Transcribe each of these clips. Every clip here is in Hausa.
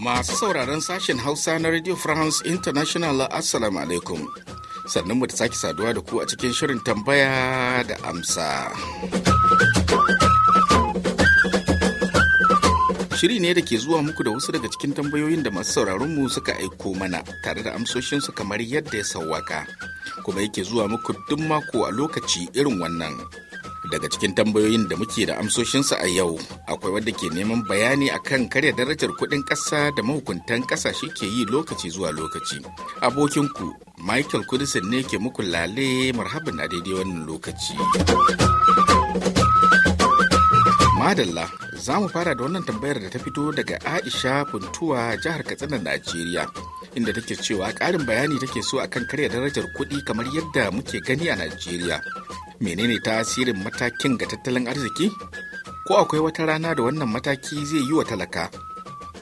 masu sauraron sashen hausa na radio france international assalamu alaikum sannan mu da sake saduwa da ku a cikin shirin tambaya da amsa Shiri ne da ke zuwa muku da wasu daga cikin tambayoyin da masu sauraronmu suka aiko mana tare da amsoshinsu kamar yadda ya sauwaka. Kuma yake zuwa muku duk mako a lokaci irin wannan. Daga cikin tambayoyin da muke da amsoshinsu a yau, akwai wadda ke neman bayani akan karya darajar kuɗin ƙasa da mahukuntan kasashe ke yi lokaci zuwa lokaci. Abokinku, Michael Kudisin ne ke muku lale marhaban a daidai wannan lokaci. Madalla za mu fara da wannan tambayar da ta fito daga aisha funtuwa jihar katsina najeriya inda take cewa karin bayani take so akan karya darajar kuɗi kamar yadda muke gani a najeriya menene tasirin matakin ga tattalin arziki ko akwai wata rana da wannan mataki zai yi wa talaka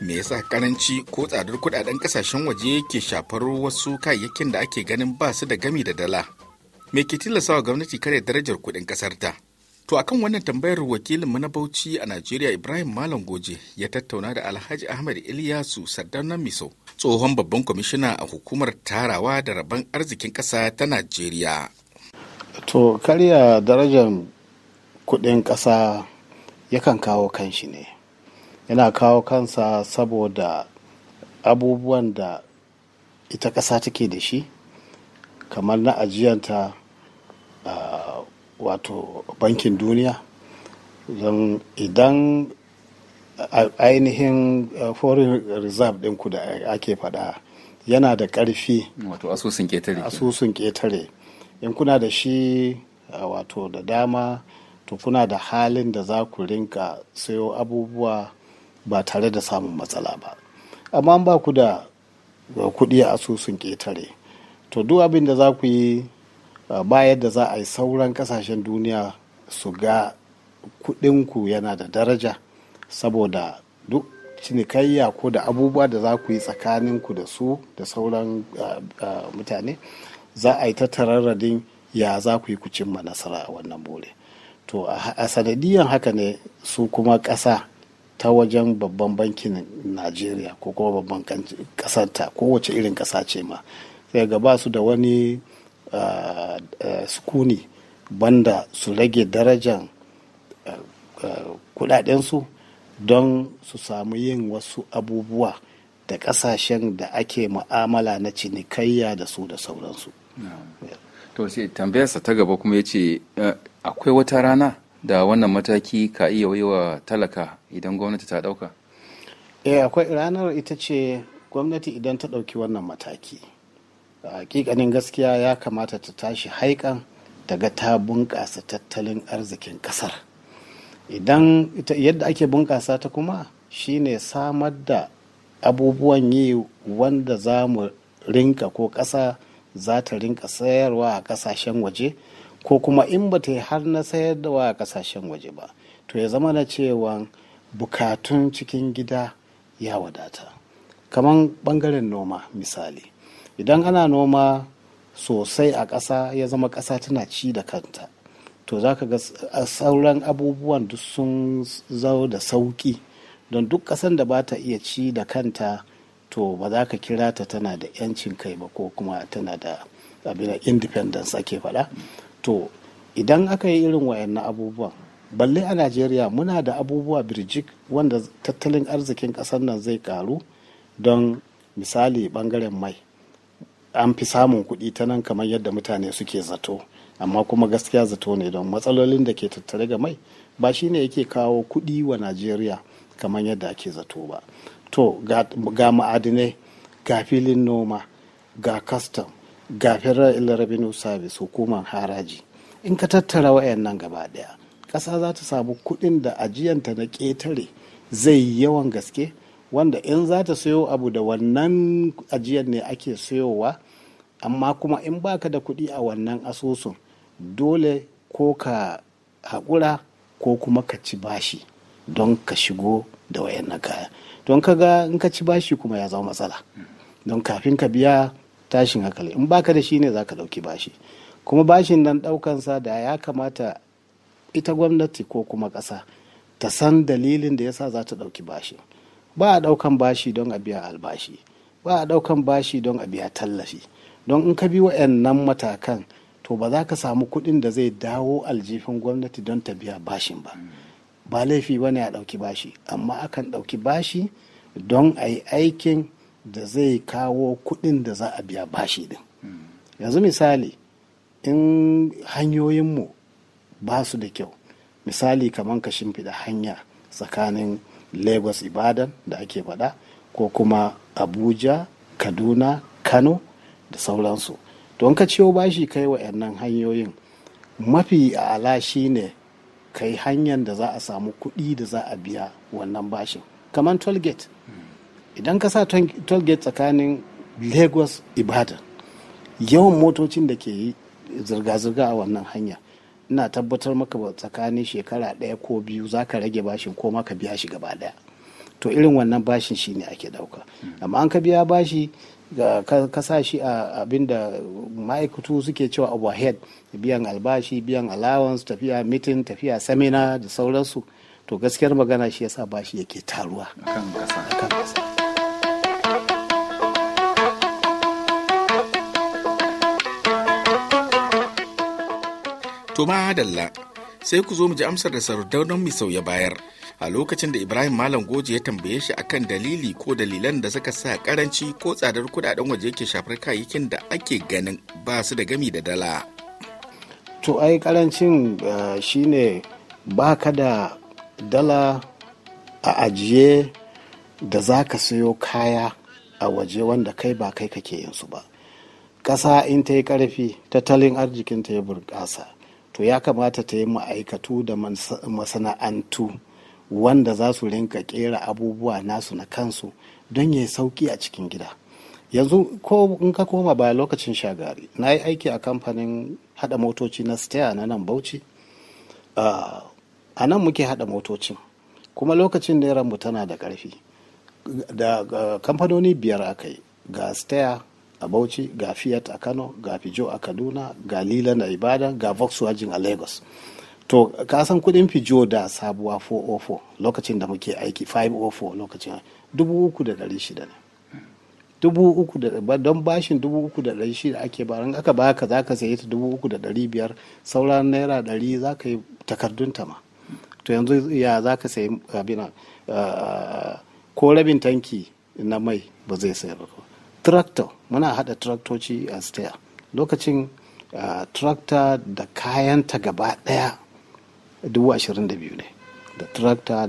me yasa karanci ko tsadar kuɗaɗen kasashen waje ke shafar wasu kayayyakin da ake ganin ba su da gami da dala me ke wa gwamnati karya darajar kuɗin ƙasar ta To akan wannan tambayar wakilin na Bauchi a Najeriya Ibrahim Malam Goje ya tattauna da Alhaji Ahmad Ilyasu Sardauna Miso, tsohon babban kwamishina a hukumar tarawa da rabon arzikin ƙasa ta Najeriya. To karya darajar kuɗin ƙasa yakan kawo kanshi ne. Yana kawo kansa saboda abubuwan da ita kasa take da shi, kamar na ajiyanta uh, ah, wato bankin duniya don idan ainihin foreign reserve ɗinku da ake faɗa yana da ƙarfi wato asusun ƙetare asusun ƙetare in kuna da shi wato da dama to kuna da halin da za ku rinka sayo abubuwa ba tare da samun matsala ba amma ba ku da kuɗi a asusun ƙetare to duk abin da za ku yi Eh, ba yadda za a yi sauran kasashen duniya su ga kudinku yana da daraja saboda duk cinikayya ko da abubuwa da za ku yi tsakaninku da su da sauran eh, eh, mutane za a yi ta tararradin ya za ku yi ku cimma nasara a wannan bore to a sanadiyan haka ne su kuma ƙasa ta wajen babban bankin najeriya ko kuma babban ƙasarta kowace irin ƙasa ce ma sai ga ba su da wani sukuni banda su rage darajan kudadensu don su samu yin wasu abubuwa da kasashen da ake mu'amala na cinikayya da su da sauransu. To sai tambayarsa ta gaba kuma ya ce akwai wata rana da wannan mataki ka iya yi wa talaka idan gwamnati ta dauka? Eh akwai ranar ita ce gwamnati idan ta dauki wannan mataki. hakikanin gaskiya ya kamata ta tashi haikan daga ta bunƙasa tattalin arzikin ƙasar idan yadda ake bunƙasa ta kuma shine samar da abubuwan yi wanda za mu rinka ko ƙasa za ta rinka sayarwa a ƙasashen waje ko kuma in ba ta yi har na sayar sayarwa a ƙasashen waje ba to ya zama na cewa bukatun cikin gida ya wadata kamar ɓangaren noma misali idan ana noma sosai a ƙasa ya zama ƙasa tana ci da kanta to za ka ga sauran abubuwan duk sun zau da sauƙi don duk ƙasan da ba ta iya ci da kanta to ba za ka kira ta tana da 'yancin kai ba ko kuma tana da abin independence ake faɗa to idan aka yi irin wayannan abubuwan balle a najeriya muna da abubuwa birjik wanda tattalin arzikin ƙasar nan zai karu don misali ɓangaren mai an fi samun kuɗi ta nan kamar yadda mutane suke zato amma kuma gaskiya zato ne don matsalolin da ke tattare ga mai ba shi ne yake kawo kuɗi wa najeriya kamar yadda ake zato ba to ga ma'adinai ga filin noma ga kastam ga federal revenue service hukumar haraji in ka tattara wayan nan gaba ɗaya ƙasa za ta samu kuɗin da ajiyanta na ƙetare zai yawan gaske wanda in za ta sayo abu da wannan ajiyar ne ake sayowa amma kuma in baka da kuɗi a wannan asusun dole ko ka haƙura ko kuma ka ci bashi don ka shigo da wayannan kaya don ka ga in ka ci bashi kuma ya zama matsala don kafin ka biya tashin hankali in baka da shi ne za ka ɗauki bashi kuma bashin nan ɗaukansa da ya kamata ita gwamnati ko kuma ƙasa ta san dalilin da yasa za ta ɗauki bashi. ba a ɗaukan bashi don a biya albashi ba a ɗaukan bashi don a biya tallafi don in ka bi wa'annan matakan to ba za ka samu kuɗin da zai dawo aljifin gwamnati don ta biya bashin ba ba laifi ba ne a ɗauki bashi amma akan ɗauki bashi don a yi aikin da zai kawo kuɗin da za a biya bashi din yanzu misali in hanyoyinmu ba su da kyau misali kamar ka shimfiɗa hanya tsakanin lagos ibadan da ake faɗa ko kuma abuja kaduna kano da sauransu don ka ciyo bashi kai wa'annan hanyoyin mafi ala shi ne kai hanyar da za a samu kuɗi da za a biya wannan bashin kamar tollgate idan ka sa tollgate tsakanin lagos ibadan yawan motocin da ke yi zirga-zirga a wannan hanyar ina tabbatar maka ba tsakanin shekara ɗaya ko biyu za ka rage bashin ko maka biya shi gaba ɗaya to irin wannan bashin shi ne ake ɗauka amma an ka biya bashi ka sa shi a abinda ma'aikatu suke cewa overhead biyan albashi biyan allowance tafiya mitin tafiya samina da sauransu to gaskiyar magana shi yasa bashi yake taruwa kan kasa To ma dalla sai ku zo mu ji amsar da don misau sauya bayar. A lokacin da Ibrahim Malam Goji ya tambaye shi akan dalili ko dalilan da suka sa karanci ko tsadar kudaden waje yake shafar kayayyakin da ake ganin ba su da gami da dala. To ai karancin eh, shine ba ka da dala a ajiye da za ka sayo kaya a waje wanda kai ba kai kake yin su ba. Ƙasa in ta yi ƙarfi tattalin arzikin ta ya burƙasa. to ya kamata ta yi ma'aikatu da masana'antu wanda za su rinka kera abubuwa nasu na kansu don ya yi sauki a cikin gida yanzu ko in ka koma baya lokacin shagari na yi aiki a kamfanin hada motoci na steya na nan bauchi a nan muke hada motocin kuma lokacin da mu tana da karfi da kamfanoni biyar aka yi ga steya a bauchi ga fiat a kano ga fijo a kaduna ga lila na ibadan ga volkswagen a lagos to ka san kudin fijo da sabuwa 404 lokacin da muke aiki 504 lokacin dubu uku da dari shida ne dubu uku da don bashin dubu uku da dari shida ake ba ran aka baka za ka sayi ta dubu uku da dari biyar sauran naira dari za ka yi takardun ta ma to yanzu ya za ka sayi abin eh, ko rabin tanki na mai ba zai sayar ba tractor muna hada traktoci a steya lokacin tractor da kayanta gaba daya dubu ashirin da biyu ne da tractor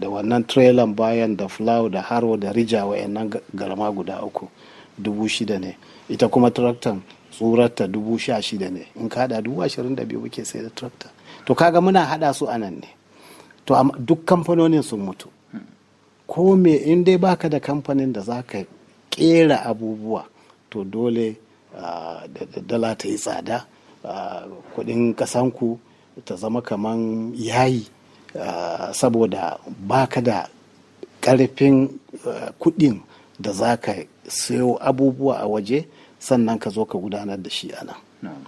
da wannan trailer bayan da flow da haro da rija wayannan garama guda uku dubu shida ne ita kuma tractor tsurarta dubu sha shida ne in ka hada dubu ashirin da biyu muke sai da tractor to kaga muna hada su a nan ne to duk kamfanonin sun mutu hmm. ko me in dai baka da kamfanin da za ka kera abubuwa to dole da dala ta yi tsada kuɗin kasanku ta zama kaman yayi saboda baka da karfin kuɗin da za ka sayo abubuwa a waje sannan ka zo ka gudanar da shi a nan.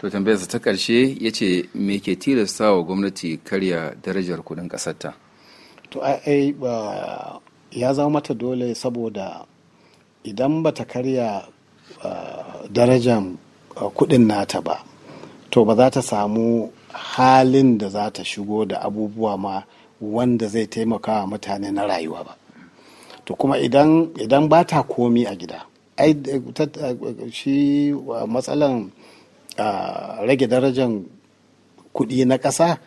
to tambayarsa ta karshe ya ce me ke tilasta wa gwamnati karya darajar kuɗin ƙasarta to ya zama mata dole saboda idan ba ta karya ah, darajan ah, kudin nata ba to ba za ta samu halin da za ta shigo da abubuwa ma wanda zai taimaka wa mutane na rayuwa ba to kuma idan ba ta komi a gida ai shi matsalan ah, rage darajan kuɗi na ƙasa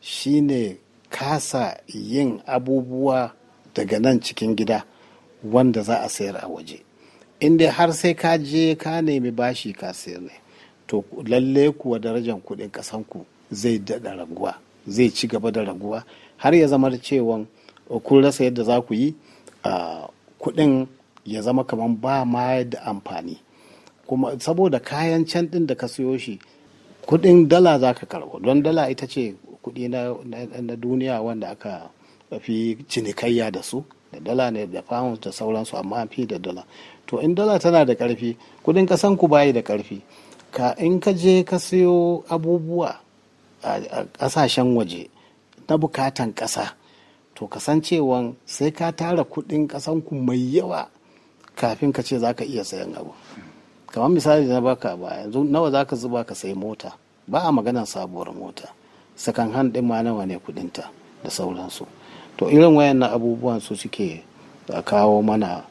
shine kasa yin abubuwa daga nan cikin gida wanda za a sayar a waje in dai har sai ka je ka nemi bashi ka sayar ne to lalle kuwa darajar kuɗin kasanku zai daɗa raguwa zai ci gaba da raguwa har ya zama cewa uh, kun rasa yadda za ku yi uh, kuɗin ya zama kamar ba ma da amfani kuma saboda kayan can ɗin da ka siyo shi kuɗin dala za ka karɓo don dala ita ce kuɗi na duniya wanda aka fi cinikayya da su da dala ne da pounds da sauransu amma an fi da dala to in dala tana da karfi kudin kasan ku bayi da karfi ka in ka je ka siyo abubuwa a kasashen waje na bukatan kasa to kasancewan sai ka tara kudin kasan ku mai yawa kafin ka ce zaka iya sayan abu kamar misali da na baka ba yanzu nawa zaka zuba ka sayi mota ba a maganar sabuwar mota sakan hand din ma nawa ne kudinta da sauransu to irin wayannan abubuwan su suke kawo mana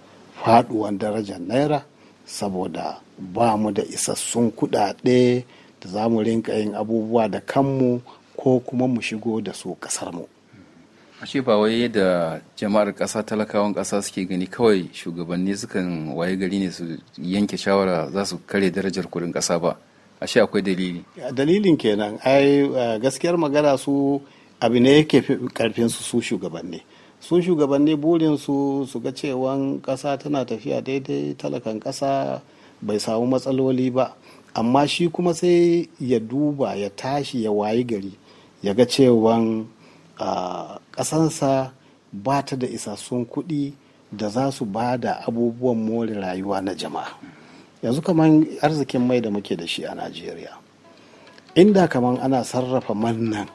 faduwan darajar naira saboda ba mu da isassun kudade da za mu rinka yin abubuwa da kanmu ko kuma mu shigo da su ƙasarmu. ashe ba wai da jama'ar kasa talakawan ƙasa suke gani kawai shugabanni sukan waye gari ne su yanke shawara za su kare darajar kuɗin ƙasa ba ashe akwai dalili dalilin kenan ai eh, gaskiyar magana su abu ne yake karfin su su shugabanni su shugabanni burinsu su ga cewan ƙasa tana tafiya daidai talakan ƙasa bai samu matsaloli ba amma shi kuma sai ya duba ya tashi ya wayi gari ya ga cewan ƙasansa ba ta da isassun kuɗi da za su ba da abubuwan more rayuwa na jama'a yanzu kamar arzikin mai da muke da shi a najeriya inda kamar ana sarrafa man nan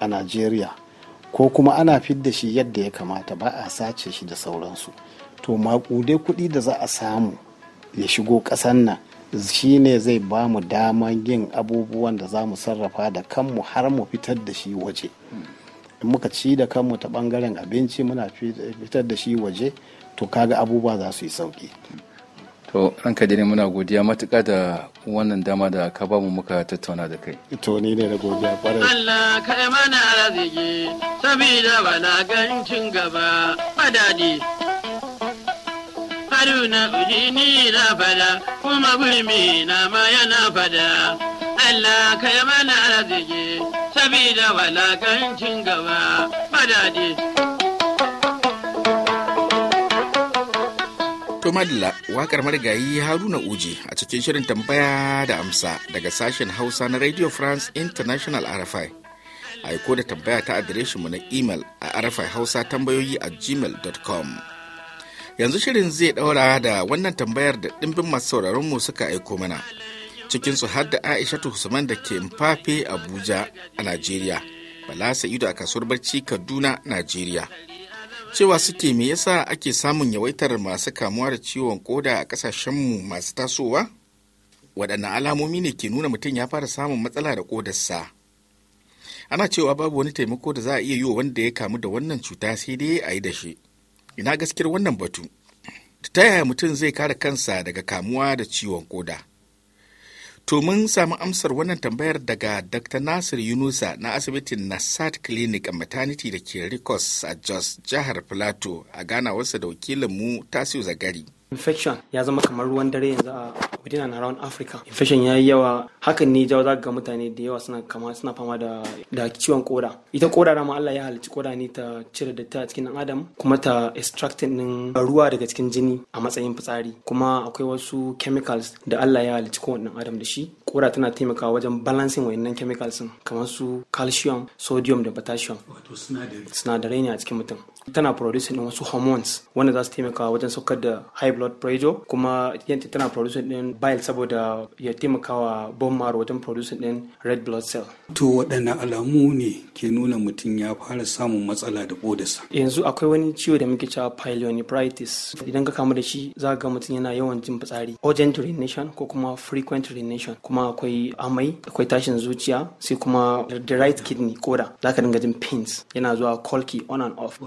a najeriya ko kuma ana fidda shi yadda ya kamata ba a sace shi da sauransu to maƙude kuɗi da za a samu ya shigo ƙasan nan shi ne zai ba mu daman yin abubuwan da za mu sarrafa da kanmu har mu fitar da shi waje in muka ci da kanmu ta ɓangaren abinci muna fitar da shi waje to kaga abubuwa za su yi sauƙi To ranka dai muna godiya matuƙa da wannan dama da ka ba mu muka tattauna da kai. To ni ne na godiya ƙwarai. Allah ka yi mana arziki saboda gancin gaba madadi. Haruna ujini na fada kuma burmi na ma yana fada. Allah ka yi mana arziki saboda gancin gaba madadi. madalla wakar marigayi haruna uje a cikin shirin tambaya da amsa daga sashen hausa na radio france international rfi aiko da tambaya ta adireshin mu na email a rfi hausa tambayoyi a gmail.com yanzu shirin zai ɗaura da wannan tambayar da ɗimbin masu sauraronmu suka aiko mana cikin su har da aisha usman da ke mfafe abuja a najeriya bala sa'idu a kasuwar barci kaduna najeriya cewa suke me yasa ake samun yawaitar masu kamuwa da ciwon koda a kasashenmu masu tasowa Waɗanne alamomi ne ke nuna mutum ya fara samun matsala da kodarsa ana cewa babu wani taimako da za a iya yi wa wanda ya kamu da wannan cuta sai dai a yi da shi ina gaskiyar wannan batu ta yaya mutum zai kare kansa daga kamuwa da ciwon koda To mun samu amsar wannan tambayar daga Dr. Nasir Yunusa na asibitin Nasat Clinic a maternity da ke Rikos a Jos, jihar Plateau a ganawarsa da wakilinmu Tasiu Zagari. infection ya zama kamar ruwan dare yanzu a within and around Africa. Infection ya yi yawa hakan ne jawo zaka ga mutane da yawa suna kama suna fama da da ciwon koda. Ita koda rama Allah ya halicci koda ne ta cire datti a cikin dan adam kuma ta extracting din ruwa daga cikin jini a matsayin fitsari kuma akwai wasu chemicals da Allah ya halicci kowanne dan adam da shi. Koda tana taimakawa wajen balancing wayannan chemicals kamar su calcium, sodium da potassium. Wato Sinadarai ne a cikin mutum. tana producing wasu hormones wanda za su taimaka wajen saukar da high blood pressure kuma tana producing din bile saboda ya taimaka wa bone marrow wajen producing din red blood cell to waɗanne alamu ne ke nuna mutum ya fara samun matsala da kodarsa yanzu akwai wani ciwo da muke cewa pyelonephritis idan ka kamu da shi za ga mutum yana yawan jin fitsari urgent urination ko kuma frequent urination kuma akwai amai akwai tashin zuciya sai kuma the right kidney koda za ka dinga jin pains yana zuwa colky on and off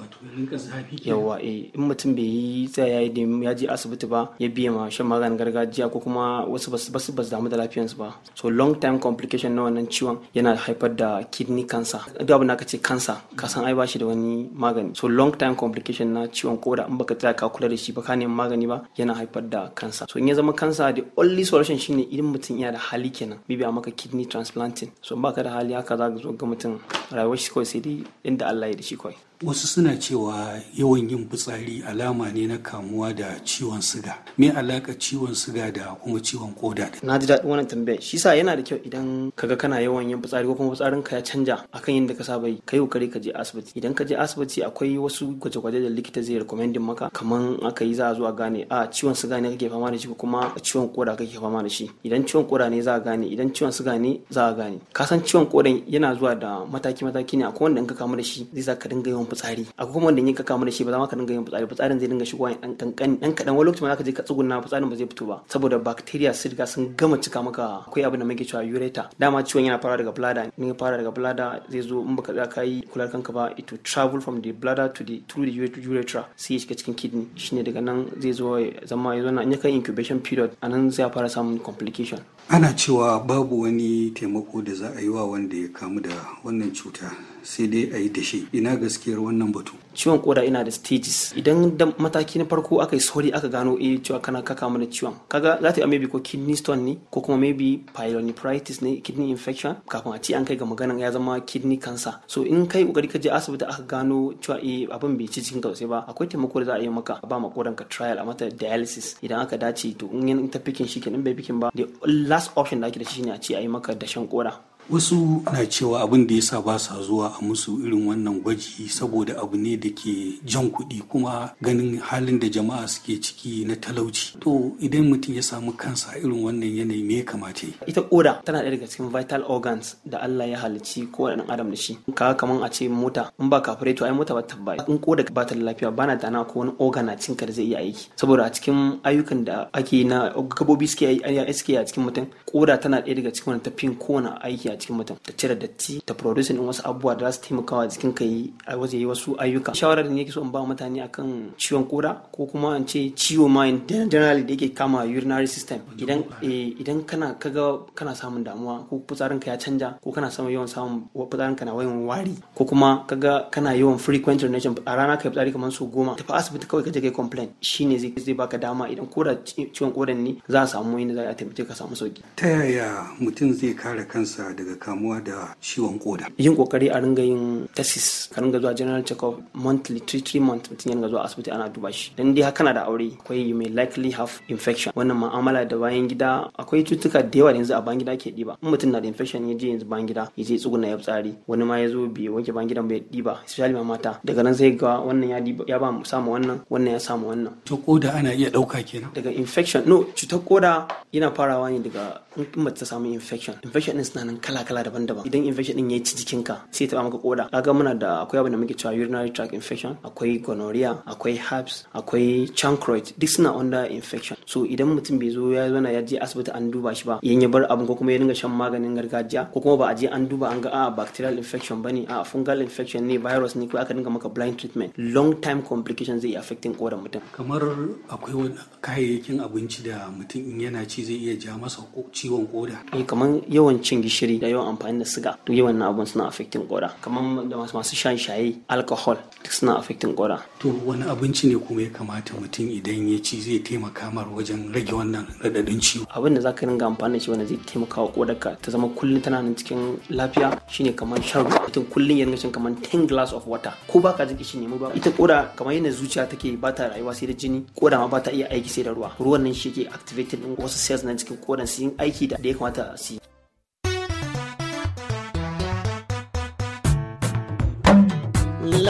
yawa eh in mutum bai yi tsaya ya yi je asibiti ba ya biya ma shan maganin gargajiya ko kuma wasu basu basu damu da lafiyansu ba so long time complication na wannan ciwon yana haifar da kidney cancer duk abin da aka ce cancer ka san ai bashi da wani magani so long time complication na ciwon koda in baka tsaya ka kula da shi ba ka neman magani ba yana haifar da cancer so in ya zama cancer the only solution shine idan mutum yana da hali kenan bibi a maka kidney transplanting so in baka da hali haka za ka zo ga mutum rayuwar shi kawai sai dai inda Allah ya da shi kawai wasu suna cewa yawan yin fitsari alama ne na kamuwa da ciwon siga me alaka ciwon siga da kuma ciwon koda na ji daɗin wannan tambayar shi sa yana da kyau idan kaga kana yawan yin fitsari ko kuma fitsarin ka ya canja akan yadda ka saba yi kai kokari ka je asibiti idan ka je asibiti akwai wasu gwaje-gwaje da likita zai recommending maka kaman aka yi za a zo a gane a ah, ciwon siga ne kake fama da shi ko kuma ciwon koda kake fama da shi idan ciwon koda ne za a gane idan ciwon siga ne za a gane ka san ciwon kodan yana zuwa da mataki-mataki ne akwai wanda in ka kamu da shi zai sa ka dinga yawan fitsari a kuma wanda yin ka kama da shi ba za ma ka dinga yin fitsari fitsarin zai dinga shigowa dan kankani dan kadan wani lokacin ma zaka je ka tsuguna fitsarin ba zai fito ba saboda bacteria sun riga sun gama cika maka akwai abin da muke cewa ureta dama ciwon yana fara daga bladder in ya fara daga bladder zai zo in baka ka yi kular kanka ba it will travel from the bladder to the through the urethra sai ya shiga cikin kidney shine daga nan zai zo zama ya zo na in ya kai incubation period anan zai fara samun complication ana cewa babu wani taimako da za a yi wa wanda ya kamu da wannan cuta sai dai a yi da shi ina gaskiyar wannan batu ciwon koda ina da stages idan da mataki na farko aka yi sori aka gano eh cewa kana ka kamu da ciwon kaga za ta yi maybe ko kidney stone ne ko kuma maybe pyelonephritis ne kidney infection kafin a ci an kai ga maganan ya zama kidney cancer so in kai kokari ka je asibiti aka gano cewa eh abin bai ci cikin kausai ba akwai taimako da za a yi maka ba ma kodan ka trial a mata dialysis idan aka dace to in ta fikin shi kenan bai fikin ba the last option da ake da shi ne a ce a yi maka dashen kora wasu na cewa abin da yasa ba sa zuwa a musu irin wannan gwaji saboda abu ne da ke jan kuɗi kuma ganin halin da jama'a suke ciki na talauci to idan mutum ya samu kansa irin wannan yanayi me ya kamata ita koda tana ɗaya daga cikin vital organs da Allah ya halici ko ɗan adam da shi ka kaman a ce mota in ba kafure to ai mota ba tabbai in koda ba ta lafiya ba na dana ko wani organ a cinka da zai iya aiki saboda a cikin ayyukan da ake na gabobi suke yi a cikin mutum koda tana ɗaya daga cikin wani tafin kowane aiki a cikin mutum ta cire datti ta producing din wasu abubuwa da za su taimaka wa jikin ka a waje yi wasu ayyuka shawarar da nake so in ba mutane akan ciwon koda ko kuma an ce ciwo ma generally da yake kama urinary system idan eh, idan kana kaga kana samun damuwa ko fitsarin ka ya canja ko kana samun yawan samun fitsarin ka na wayan wari ko kuma kaga kana yawan frequent urination a rana kai fitsari kamar su goma tafi asibiti kawai ka je kai complain shine zai zai baka dama idan kura ciwon kodan ne za a samu da za a taimake ka samu sauki ta yaya mutum zai kare kansa daga kamuwa da ciwon koda yin kokari a ringa yin tesis ka ringa zuwa general check up monthly three three months, mutum ya ringa zuwa asibiti ana duba shi dan dai haka na da aure akwai you may likely have infection wannan ma'amala da bayan gida akwai cutuka da yawa da yanzu a bayan gida ke diba in mutum na da infection ya je yanzu bayan gida ya je tsuguna ya tsari wani ma ya zo bai wanke bayan gidan bai diba especially ma mata daga nan sai ga wannan ya diba ya ba mu samu wannan wannan ya samu wannan Ta koda ana iya ɗauka kenan daga infection no cutar koda yana farawa ne daga in mace ta samu infection infection ɗin suna nan kala-kala daban-daban idan infection din ya ci jikinka sai ta maka koda kaga muna da akwai abin da muke cewa urinary tract infection akwai gonorrhea akwai herpes akwai chancroid duk suna under infection so idan mutum bai zo ya zauna ya je asibiti an duba shi ba yan ya bar abin ko kuma ya dinga shan maganin gargajiya ko kuma ba a je an duba an ga a ah, bacterial infection bane a ah, fungal infection ne virus ne ko aka dinga maka blind treatment long time complication zai affecting kodan mutum kamar akwai wani kayayyakin abinci da mutum in yana ci zai iya ja masa ciwon koda eh kamar yawan cin gishiri da yawan amfani da siga duk yawan na abun suna affecting koda kamar da masu shan shaye alcohol duk suna affecting koda to wani abinci ne kuma ya kamata mutum idan ya ci zai taimaka mar wajen rage wannan radadin ciwo abin da zaka ringa amfani da shi wanda zai taimaka wa ka ta zama kullun tana nan cikin lafiya shine kamar shan ruwa mutum kullun ya ringa shan kamar 10 glass of water ko baka jiki shi ne mu ba ita koda kamar yadda zuciya take ba ta rayuwa sai da jini koda ma ba ta iya aiki sai da ruwa ruwan nan shi ke activating wasu cells na cikin kodan su yin aiki da ya kamata su yi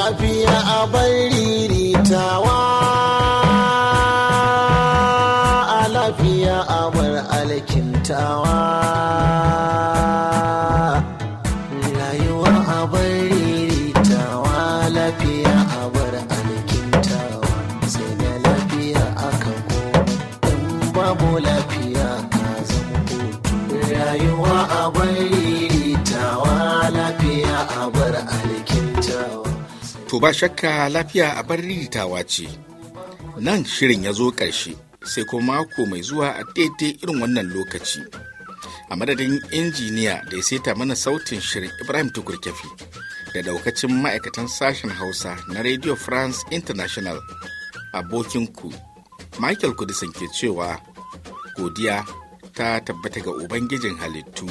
lafiya a bari ritawa a lafiya a bar alkintawa ba shakka lafiya a bar ritawa ce. Nan shirin ya zo ƙarshe sai kuma mako mai zuwa a daidai irin wannan lokaci. A madadin injiniya da ya saita mana sautin shirin Ibrahim Tukurkefi da daukacin ma'aikatan sashen Hausa na Radio France International abokinku Michael Kudisan ke cewa godiya ta tabbata ga Ubangijin halittu.